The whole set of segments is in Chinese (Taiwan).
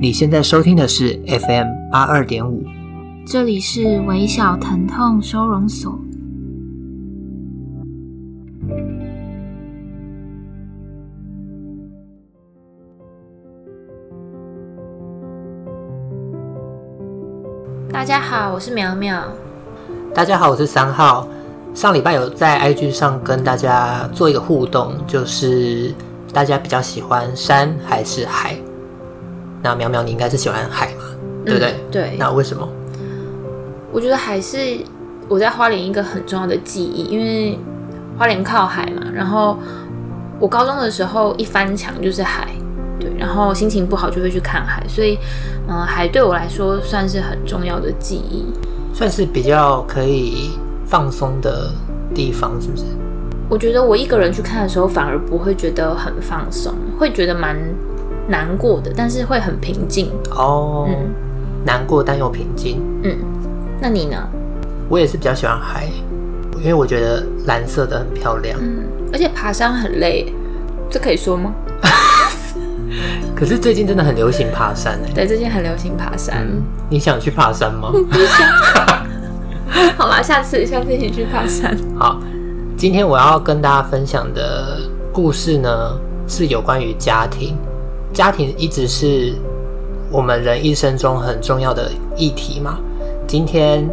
你現在收聽的是 FM 八二點五，這裡是微小疼痛收容所。大家好，我是苗苗。大家好，我是三號。上禮拜有在 IG 上跟大家做一個互動，就是大家比較喜歡山還是海。那苗苗，你應該是喜歡海嘛、嗯？對不對？對。那為什麼？我覺得海是我在花蓮一個很重要的記憶，因為花蓮靠海嘛。然後我高中的時候一翻牆就是海，對。然後心情不好就會去看海，所以嗯、呃，海對我來說算是很重要的記憶，算是比較可以放鬆的地方，是不是？我覺得我一個人去看的時候反而不會覺得很放鬆，會覺得蠻難過的，但是會很平靜哦、嗯。難過但又平靜。嗯，那你呢？我也是比較喜歡海，因為我覺得藍色的很漂亮。嗯，而且爬山很累，這可以說嗎？ 可是最近真的很流行爬山欸。對，最近很流行爬山。嗯，你想去爬山嗎？ 好吧，下次下次一起去爬山。好，今天我要跟大家分享的故事呢，是有關於家庭。家庭一直是我們人一生中很重要的議題嘛。今天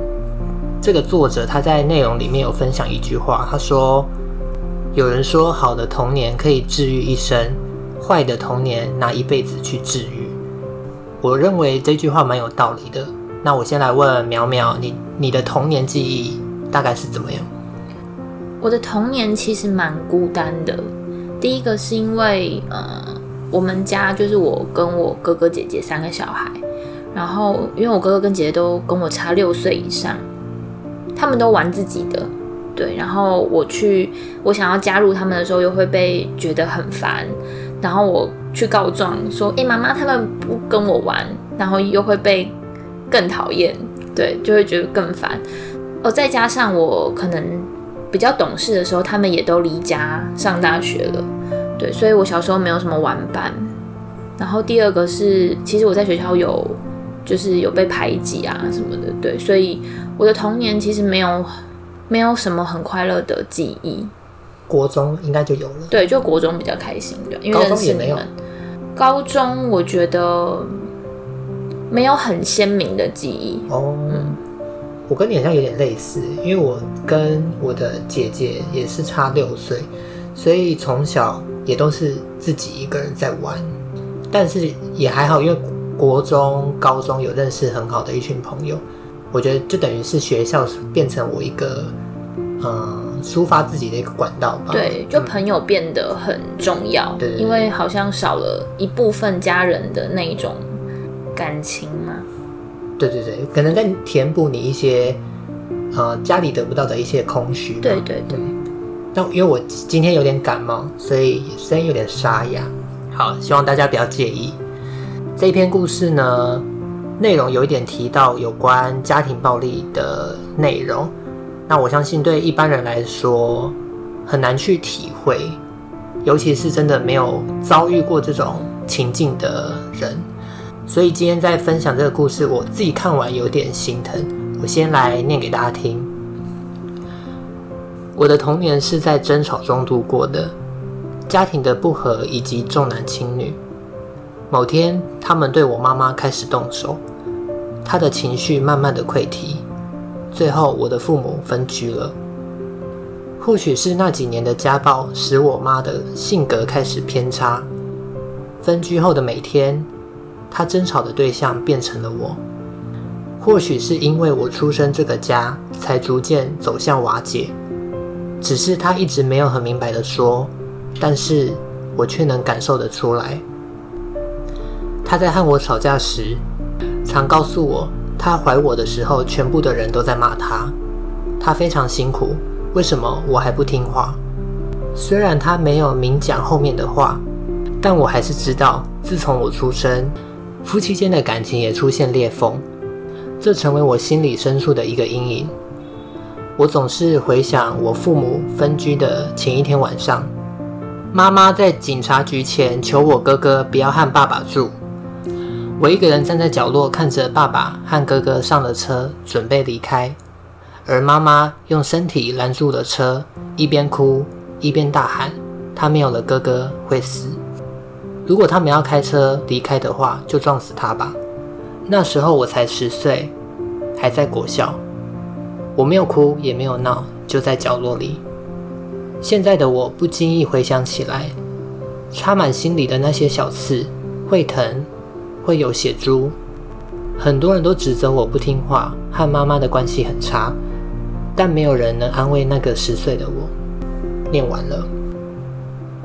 這個作者他在內容裡面有分享一句話，他說：“有人說好的童年可以治愈一生，壞的童年拿一輩子去治愈。”我認為這句話蠻有道理的。那我先來問苗苗，你你的童年記憶大概是怎麼樣？我的童年其實蠻孤單的。第一個是因為呃……我們家就是我跟我哥哥姐姐三個小孩，然後因為我哥哥跟姐姐都跟我差六歲以上，他們都玩自己的，對，然後我去我想要加入他們的時候，又會被覺得很煩，然後我去告狀說：“欸，媽媽，他們不跟我玩。”然後又會被更討厭，對，就會覺得更煩。哦，再加上我可能比較懂事的時候，他們也都離家上大學了。所以，我小時候沒有什麼玩伴。然後，第二個是，其實我在學校有，就是有被排擠啊什麼的。對，所以我的童年其實沒有，嗯、沒有什麼很快樂的記憶。國中應該就有了。對，就國中比較開心對，因為高中也沒有。高中我覺得沒有很鮮明的記憶。哦、嗯，我跟你好像有點類似，因為我跟我的姐姐也是差六歲，所以從小，也都是自己一個人在玩，但是也還好，因為國中、高中有認識很好的一群朋友，我覺得就等於是學校變成我一個，呃，抒發自己的一個管道吧。對，就朋友變得很重要，嗯、對對對，因為好像少了一部分家人的那一種感情嘛。對對對，可能在填補你一些，呃，家裡得不到的一些空虛。對對對。對那因為我今天有點感冒，所以聲音有點沙啞。好，希望大家不要介意。這篇故事呢，內容有一點提到有關家庭暴力的內容。那我相信對一般人來說很難去體會，尤其是真的沒有遭遇過這種情境的人。所以今天在分享這個故事，我自己看完有點心疼。我先來念給大家聽。我的童年是在爭吵中度過的，家庭的不和以及重男輕女。某天，他們對我媽媽開始動手，她的情緒慢慢的潰堤，最後我的父母分居了。或許是那幾年的家暴，使我媽的性格開始偏差。分居後的每天，她爭吵的對象變成了我。或許是因為我出生這個家，才逐漸走向瓦解。只是他一直沒有很明白的說，但是我卻能感受得出來。他在和我吵架時，常告訴我，他懷我的時候，全部的人都在罵他，他非常辛苦，為什麼我還不聽話？雖然他沒有明講後面的話，但我還是知道，自從我出生，夫妻間的感情也出現裂縫，這成為我心裡深處的一個陰影。我總是回想我父母分居的前一天晚上，媽媽在警察局前求我哥哥不要和爸爸住。我一個人站在角落看着爸爸和哥哥上了車準備離開，而媽媽用身體攔住了車，一邊哭一邊大喊：“他沒有了哥哥會死，如果他們要開車離開的話，就撞死他吧。”那時候我才十歲，還在國校。我沒有哭，也沒有鬧，就在角落裡。現在的我不經意回想起來，插滿心裡的那些小刺，會疼，會有血珠。很多人都指責我不聽話，和媽媽的關係很差，但沒有人能安慰那個十歲的我。念完了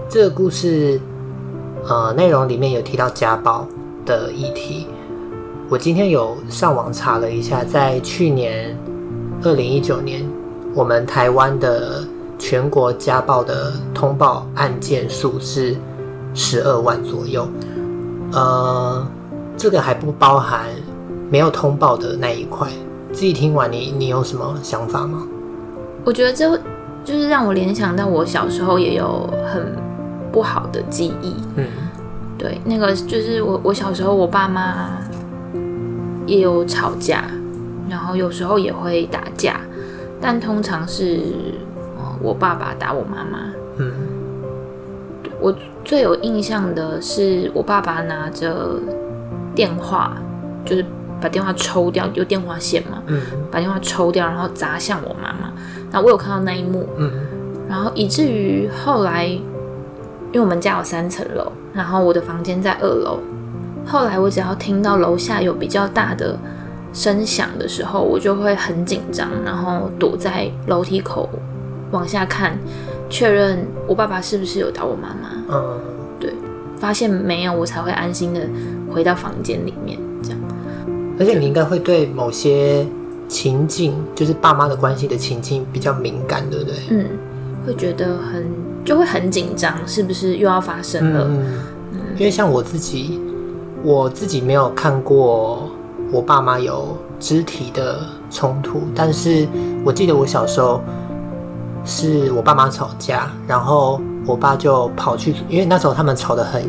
這個故事，呃，內容裡面有提到家暴的議題。我今天有上網查了一下，在去年。二零一九年，我們台灣的全國家暴的通報案件數是十二萬左右，呃，這個還不包含沒有通報的那一塊。自己聽完，你你有什麼想法嗎？我覺得這就是讓我聯想到我小時候也有很不好的記憶。嗯，對，那個就是我我小時候我爸媽也有吵架。然後有時候也會打架，但通常是，我爸爸打我媽媽。嗯，我最有印象的是，我爸爸拿着電話，就是把電話抽掉，有電話線嘛，嗯，把電話抽掉，然後砸向我媽媽。那我有看到那一幕，嗯，然後以至於後來，因為我們家有三層樓，然後我的房間在二樓，後來我只要聽到樓下有比較大的。聲響的時候，我就會很緊張，然後躲在樓梯口往下看，確認我爸爸是不是有打我媽媽。嗯，對，發現沒有，我才會安心地回到房間裡面。這樣，而且你應該會對某些情境，就是爸媽的關係的情境比較敏感，對不對？嗯，會覺得很就會很緊張，是不是又要發生了？嗯，嗯，因為像我自己，我自己沒有看過。我爸媽有肢體的衝突，但是我記得我小時候是我爸媽吵架，然後我爸就跑去，因為那時候他們吵得很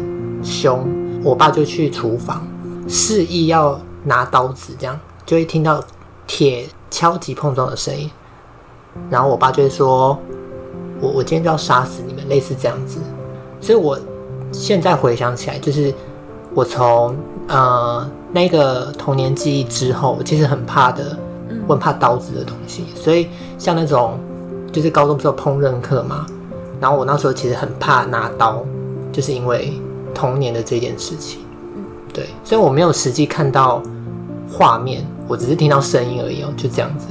兇，我爸就去廚房示意要拿刀子，這樣就會聽到鐵敲擊碰撞的聲音，然後我爸就會說我我今天就要殺死你們，類似這樣子。所以我現在回想起來，就是我從呃。那個童年記憶之後，其實很怕的，我很怕刀子的東西，嗯、所以像那種就是高中不是有烹飪課嘛，然後我那時候其實很怕拿刀，就是因為童年的這件事情，嗯、對，所以我沒有實際看到畫面，我只是聽到聲音而已哦、喔，就這樣子。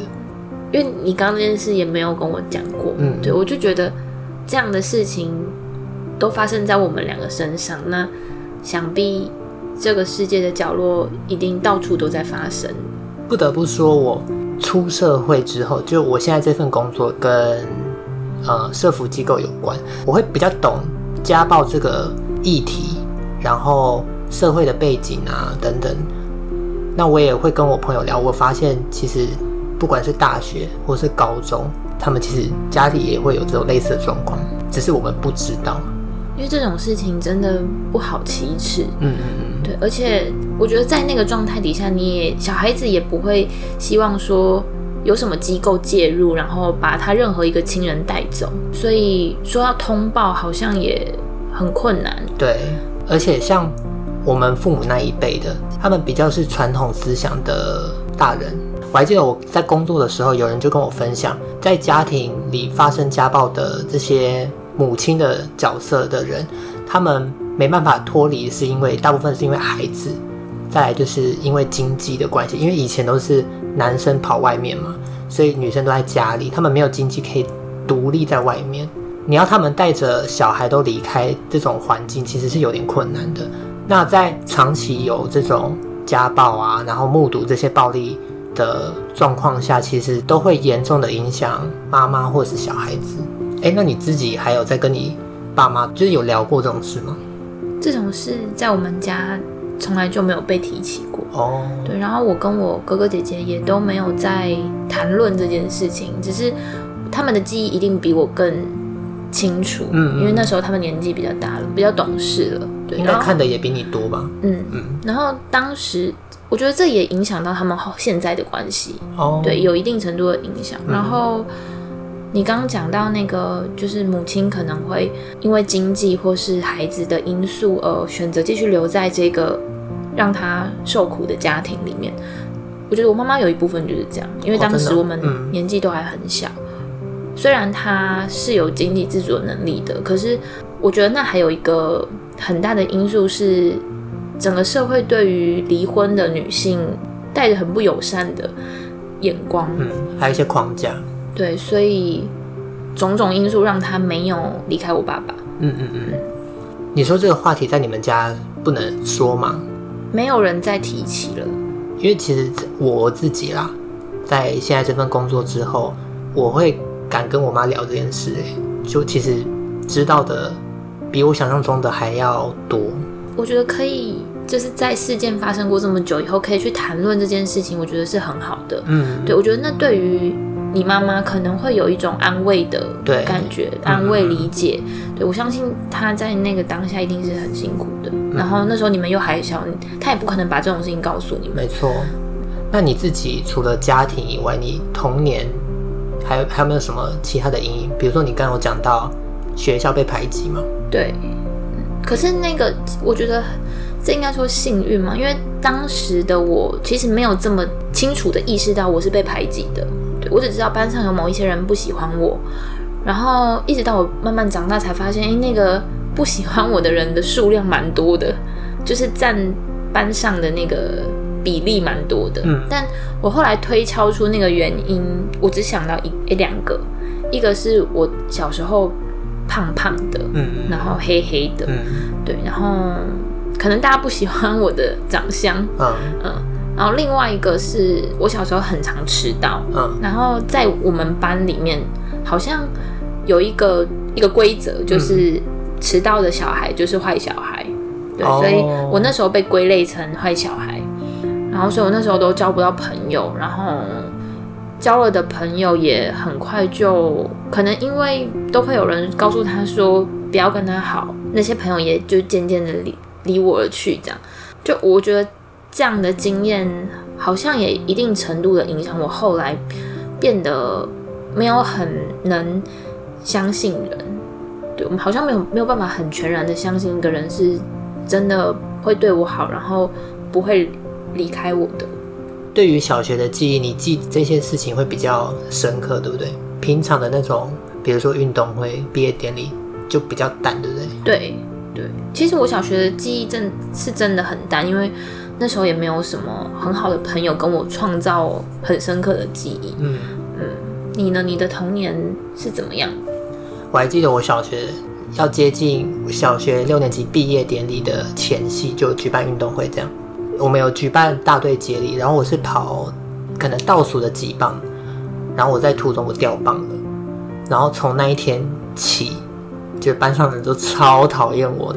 因為你剛剛那件事也沒有跟我講過，嗯，對，我就覺得這樣的事情都發生在我們兩個身上，那想必。這個世界的角落一定到處都在發生。不得不說我，我出社會之後，就我現在這份工作跟呃社福機構有關，我會比較懂家暴這個議題，然後社會的背景啊等等。那我也會跟我朋友聊，我發現其實不管是大學或是高中，他們其實家裡也會有這種類似的狀況，只是我們不知道。因為這種事情真的不好啟齒。嗯嗯。而且我覺得，在那個狀態底下，你也小孩子也不會希望說有什麼機構介入，然後把他任何一個親人帶走。所以說要通報，好像也很困難。對，而且像我們父母那一輩的，他們比較是傳統思想的大人。我還記得我在工作的時候，有人就跟我分享，在家庭裡發生家暴的這些母親的角色的人，他們。沒辦法脫離，是因為大部分是因為孩子，再來就是因為經濟的關係，因為以前都是男生跑外面嘛，所以女生都在家裡，他們沒有經濟可以獨立在外面。你要他們帶着小孩都離開這種環境，其實是有點困難的。那在長期有這種家暴啊，然後目睹這些暴力的狀況下，其實都會嚴重的影響媽媽或者是小孩子。哎、欸，那你自己還有在跟你爸媽就是有聊過這種事嗎？這種事在我們家從來就沒有被提起過哦，oh. 對，然後我跟我哥哥姐姐也都沒有在談論這件事情，只是他們的記憶一定比我更清楚，嗯，嗯，因為那時候他們年紀比較大了，比較懂事了，對，應該看的也比你多吧，嗯嗯，然後當時我覺得這也影響到他們好現在的關係，哦、oh.，對，有一定程度的影響，嗯、然後。你剛剛講到那個，就是母親可能會因為經濟或是孩子的因素而選擇繼續留在這個讓他受苦的家庭裡面。我覺得我媽媽有一部分就是這樣，因為當時我們年紀都還很小。哦嗯、雖然她是有經濟自主能力的，可是我覺得那還有一個很大的因素是，整個社會對於離婚的女性帶着很不友善的眼光。嗯，還有一些框架。對，所以種種因素讓他沒有離開我爸爸。嗯嗯嗯，你說這個話題在你們家不能說嗎？沒有人再提起了，因為其實我自己啦，在現在這份工作之後，我會敢跟我媽聊這件事，欸，就其實知道的比我想象中的還要多。我覺得可以，就是在事件發生過這麼久以後，可以去談論這件事情，我覺得是很好的。嗯，對，我覺得那對於。你媽媽可能會有一種安慰的感覺，對安慰理解。嗯、對，我相信她在那個當下一定是很辛苦的，嗯。然後那時候你們又還小，她也不可能把這種事情告訴你們。沒錯。那你自己除了家庭以外，你童年還還有沒有什麼其他的陰影？比如說你剛剛有講到學校被排擠嗎？對。可是那個我覺得這應該說幸運嘛，因為當時的我其實沒有這麼清楚的意識到我是被排擠的。我只知道班上有某一些人不喜歡我，然後一直到我慢慢長大才發現，誒，那個不喜歡我的人的數量蠻多的，就是占班上的那個比例蠻多的。嗯，但我後來推敲出那個原因，我只想到一，欸，兩個，一個是我小時候胖胖的，嗯，然後黑黑的，嗯，對，然後可能大家不喜歡我的長相，嗯嗯。然後另外一個是我小時候很常遲到，嗯，然後在我們班裡面好像有一個一個規則，就是、嗯、遲到的小孩就是壞小孩，對、哦，所以我那時候被歸類成壞小孩，然後所以我那時候都交不到朋友，然後交了的朋友也很快就可能因為都會有人告訴他說、嗯、不要跟他好，那些朋友也就漸漸的離離我而去，這樣就我覺得。這樣的經驗好像也一定程度的影響我後來變得沒有很能相信人，對我們好像沒有沒有辦法很全然的相信一個人是真的會對我好，然後不會離開我的。對於小學的記憶，你記這些事情會比較深刻，對不對？平常的那種，比如說運動會、畢業典禮就比較淡，對不對？對對，其實我小學的記憶真是真的很淡，因為。那時候也沒有什麼很好的朋友跟我創造很深刻的記憶。嗯嗯，你呢？你的童年是怎麼樣？我還記得我小學要接近小學六年級畢業典禮的前夕，就舉辦運動會這樣。我們有舉辦大隊接力，然後我是跑可能倒數的幾棒，然後我在途中我掉棒了，然後從那一天起，就班上人都超討厭我，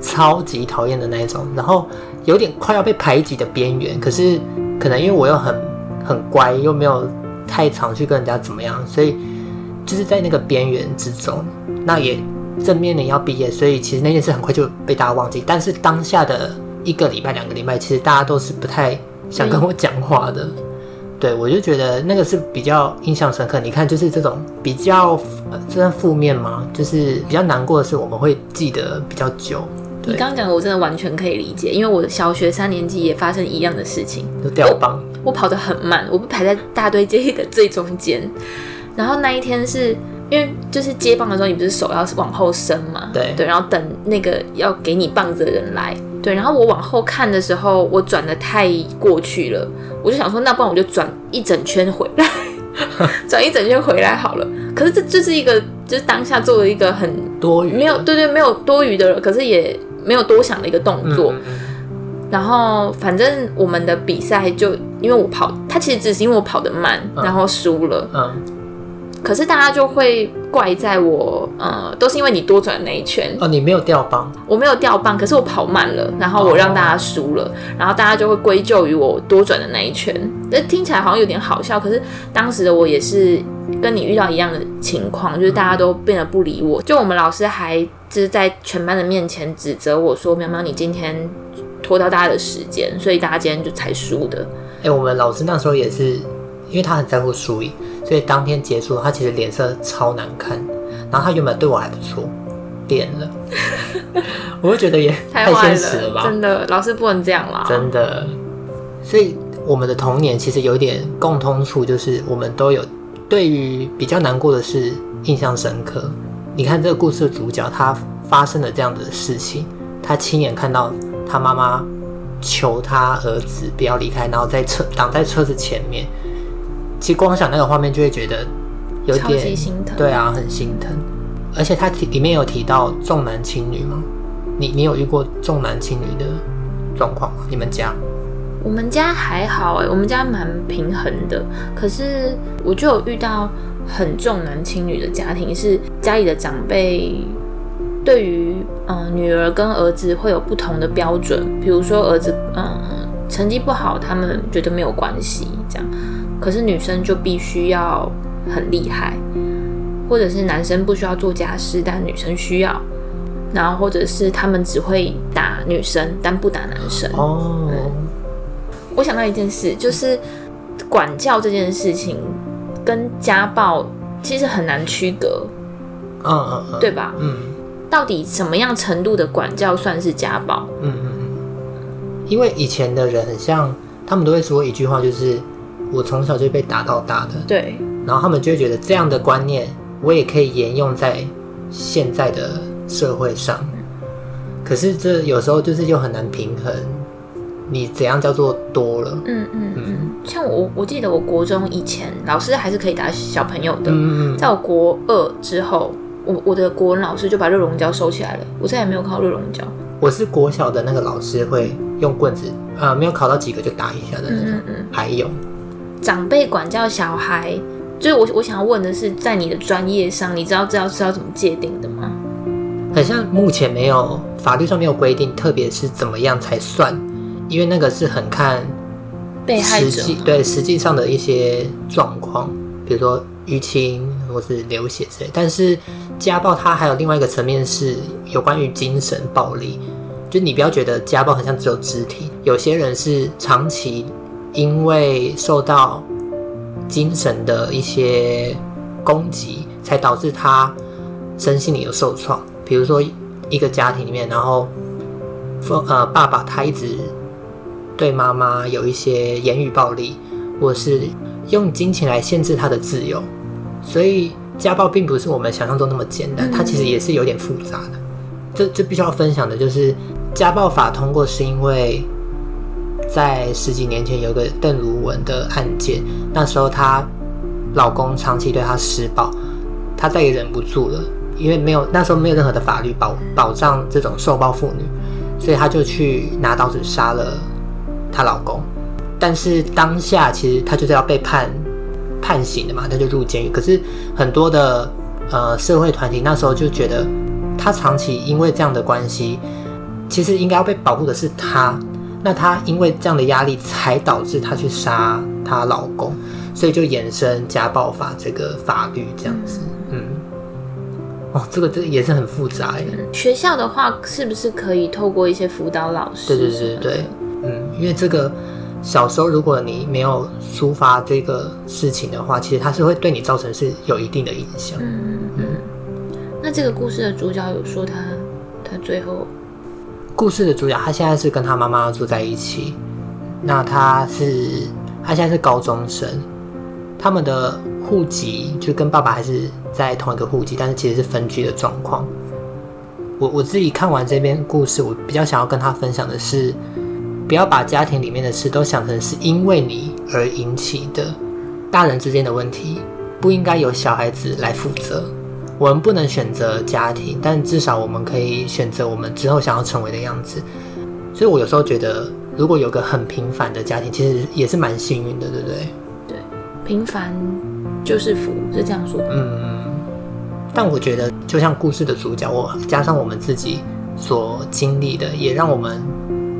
超級討厭的那一種。然後。有點快要被排擠的邊緣，可是可能因為我又很很乖，又沒有太常去跟人家怎麼樣，所以就是在那個邊緣之中。那也正面臨要畢業，所以其實那件事很快就被大家忘記。但是當下的一個禮拜、兩個禮拜，其實大家都是不太想跟我講話的。嗯、對我就覺得那個是比較印象深刻。你看，就是這種比較，呃，這算負面嘛，就是比較難過的是，我們會記得比較久。你剛剛講的我真的完全可以理解，因為我小學三年級也發生一樣的事情，就掉棒。我，我跑得很慢，我不排在大隊接力的最中間。然後那一天是因為就是接棒的時候，你不是手要往後伸嘛？對對。然後等那個要給你棒子的人來，對。然後我往後看的時候，我轉得太過去了，我就想說，那不然我就轉一整圈回來， 轉一整圈回來好了。可是這這是一個就是當下做了一個很多餘，沒有對對，沒有多餘的了。可是也。沒有多想的一個動作，嗯，然後反正我們的比賽就因為我跑，他其實只是因為我跑得慢，嗯，然後輸了。嗯可是大家就會怪在我，呃，都是因為你多轉的那一圈哦。你沒有掉棒，我沒有掉棒，可是我跑慢了，然後我讓大家輸了，哦，然後大家就會歸咎於我多轉的那一圈。那聽起來好像有點好笑，可是當時的我也是跟你遇到一樣的情況，就是大家都變得不理我。嗯、就我們老師還就是在全班的面前指責我說：“喵喵，你今天拖到大家的時間，所以大家今天就才輸的。欸”哎，我們老師那時候也是。因為他很在乎輸贏，所以當天結束，他其實臉色超難看。然後他原本對我還不錯，變了。 我會覺得也太現實了吧？真的，老師不能這樣啦。真的。所以我們的童年其實有一點共通處，就是我們都有對於比較難過的事印象深刻。你看這個故事的主角，他發生了這樣的事情，他親眼看到他媽媽求他兒子不要離開，然後在車擋在車子前面。其實光想那個畫面就會覺得有點超級心疼，對啊，很心疼。而且他裡面有提到重男輕女嗎？你你有遇過重男輕女的狀況嗎？你們家？我們家還好誒、欸，我們家蠻平衡的。可是我就有遇到很重男輕女的家庭，是家裡的長輩對於嗯、呃、女兒跟兒子會有不同的標準，比如說兒子嗯、呃、成績不好，他們覺得沒有關係這樣。可是女生就必須要很厲害，或者是男生不需要做家事，但女生需要，然後或者是他們只會打女生，但不打男生。哦，嗯、我想到一件事，就是管教這件事情跟家暴其實很難區隔。嗯嗯，嗯，對吧？嗯，到底什麼樣程度的管教算是家暴？嗯嗯嗯，因為以前的人像他們都會說一句話，就是。我從小就被打到大的，對。然後他們就會覺得這樣的觀念，我也可以沿用在現在的社會上，嗯。可是這有時候就是又很難平衡。你怎樣叫做多了？嗯嗯嗯。像我，我記得我國中以前老師還是可以打小朋友的。嗯嗯。在我國二之後，我我的國文老師就把熱熔膠收起來了。我再也沒有考熱熔膠，嗯。我是國小的那個老師會用棍子，呃，沒有考到幾個就打一下的那種。嗯。嗯嗯，還有。長輩管教小孩，就是我我想要問的是，在你的專業上，你知道知道是要怎麼界定的嗎？好像目前沒有法律上沒有規定，特別是怎麼樣才算，因為那個是很看被害者對實際上的一些狀況，比如說淤青或是流血之類。但是家暴它還有另外一個層面是有關於精神暴力，就你不要覺得家暴好像只有肢體，有些人是長期。因為受到精神的一些攻擊，才導致他身心裡有受創。比如說，一個家庭裡面，然後呃爸爸他一直對媽媽有一些言語暴力，或是用金錢來限制他的自由，所以家暴並不是我們想象中那麼簡單，它其實也是有點複雜的。這這必須要分享的就是，家暴法通過是因為。在十幾年前，有個鄧如雯的案件。那時候她老公長期對她施暴，她再也忍不住了，因為沒有那時候沒有任何的法律保保障這種受暴婦女，所以她就去拿刀子殺了她老公。但是當下其實她就是要被判判刑的嘛，她就入監獄。可是很多的呃社會團體那時候就覺得，她長期因為這樣的關係，其實應該要被保護的是她。那她因為這樣的壓力，才導致她去殺她老公，所以就衍生家暴法這個法律這樣子。嗯，哦，這個這個、也是很複雜。學校的話，是不是可以透過一些輔導老師？對對對對，對。嗯，因為這個小時候，如果你沒有抒發這個事情的話，其實它是會對你造成是有一定的影響。嗯嗯，嗯。那這個故事的主角有說他，他最後。故事的主角，他現在是跟他媽媽住在一起。那他是，他現在是高中生。他們的戶籍就跟爸爸還是在同一個戶籍，但是其實是分居的狀況。我我自己看完這篇故事，我比較想要跟他分享的是，不要把家庭裡面的事都想成是因為你而引起的。大人之間的問題，不應該由小孩子來負責。我們不能選擇家庭，但至少我們可以選擇我們之後想要成為的樣子。所以，我有時候覺得，如果有個很平凡的家庭，其實也是蠻幸運的，對不對？對，平凡就是福，是這樣說的。嗯。但我覺得，就像故事的主角，我加上我們自己所經歷的，也讓我們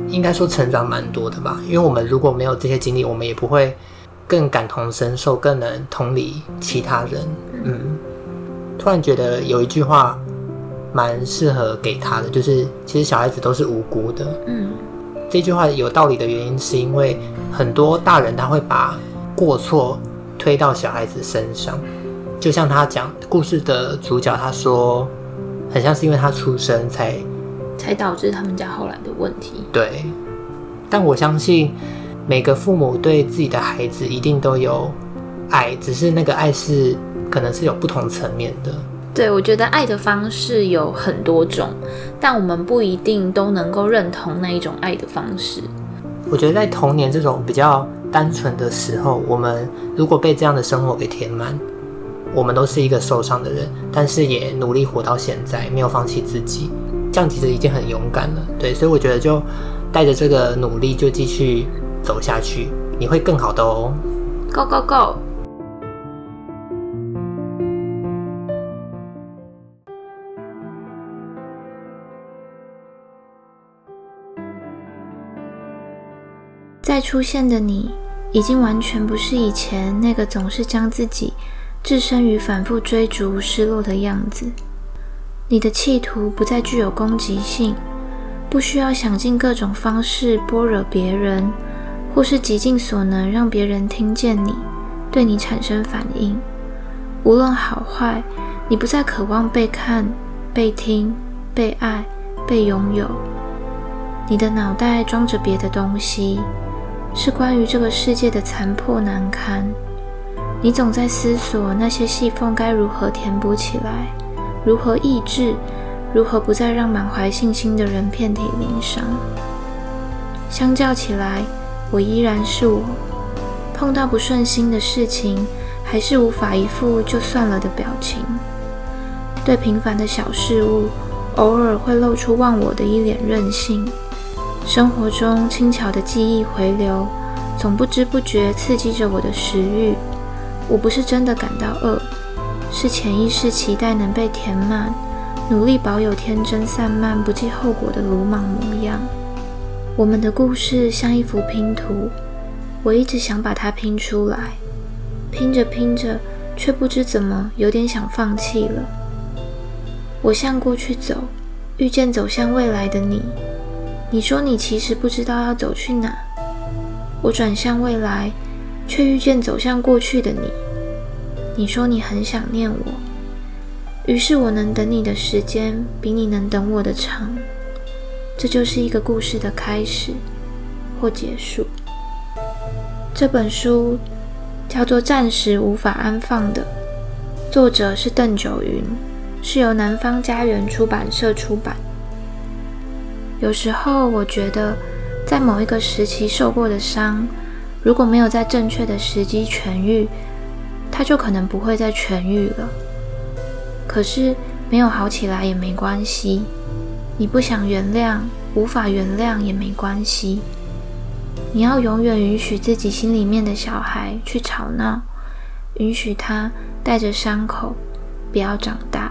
應該說成長蠻多的吧。因為我們如果沒有這些經歷，我們也不會更感同身受，更能同理其他人。嗯。嗯突然覺得有一句話蠻適合給他的，就是其實小孩子都是無辜的。嗯，這句話有道理的原因是因為很多大人他會把過錯推到小孩子身上，就像他講故事的主角他說，很像是因為他出生才才導致他們家後來的問題。對，但我相信每個父母對自己的孩子一定都有愛，只是那個愛是，可能是有不同層面的。對，我覺得愛的方式有很多種，但我們不一定都能夠認同那一種愛的方式。我覺得在童年這種比較單純的時候，我們如果被這樣的生活給填滿，我們都是一個受傷的人，但是也努力活到現在，沒有放棄自己，這樣其實已經很勇敢了。對，所以我覺得就帶着這個努力就繼續走下去，你會更好的哦。Go go go！再出現的你，已經完全不是以前那個總是將自己置身於反覆追逐、失落的樣子。你的企圖不再具有攻擊性，不需要想盡各種方式波惹別人，或是極盡所能讓別人聽見你，對你產生反應。無論好壞，你不再渴望被看、被聽、被愛、被擁有。你的腦袋裝着別的東西。是關於這個世界的殘破難堪，你總在思索那些細縫該如何填補起來，如何抑制，如何不再讓滿懷信心的人遍體鱗傷。相較起來，我依然是我，碰到不順心的事情，還是無法一副就算了的表情，對平凡的小事物，偶爾會露出忘我的一臉任性。生活中輕巧的記憶回流，總不知不覺刺激着我的食慾。我不是真的感到餓，是潛意識期待能被填滿，努力保有天真散漫、不計後果的魯莽模樣。我們的故事像一幅拼圖，我一直想把它拼出來，拼着拼着，卻不知怎麼有點想放棄了。我向過去走，遇見走向未來的你。你說你其實不知道要走去哪，我轉向未來，卻遇見走向過去的你。你說你很想念我，於是我能等你的時間比你能等我的長。這就是一個故事的開始或結束。這本書叫做《暫時無法安放的》，作者是鄧九雲，是由南方家園出版社出版。有時候我覺得，在某一個時期受過的傷，如果沒有在正確的時機痊癒，它就可能不會再痊癒了。可是沒有好起來也沒關係，你不想原諒、無法原諒也沒關係。你要永遠允許自己心裡面的小孩去吵鬧，允許他帶着傷口，不要長大。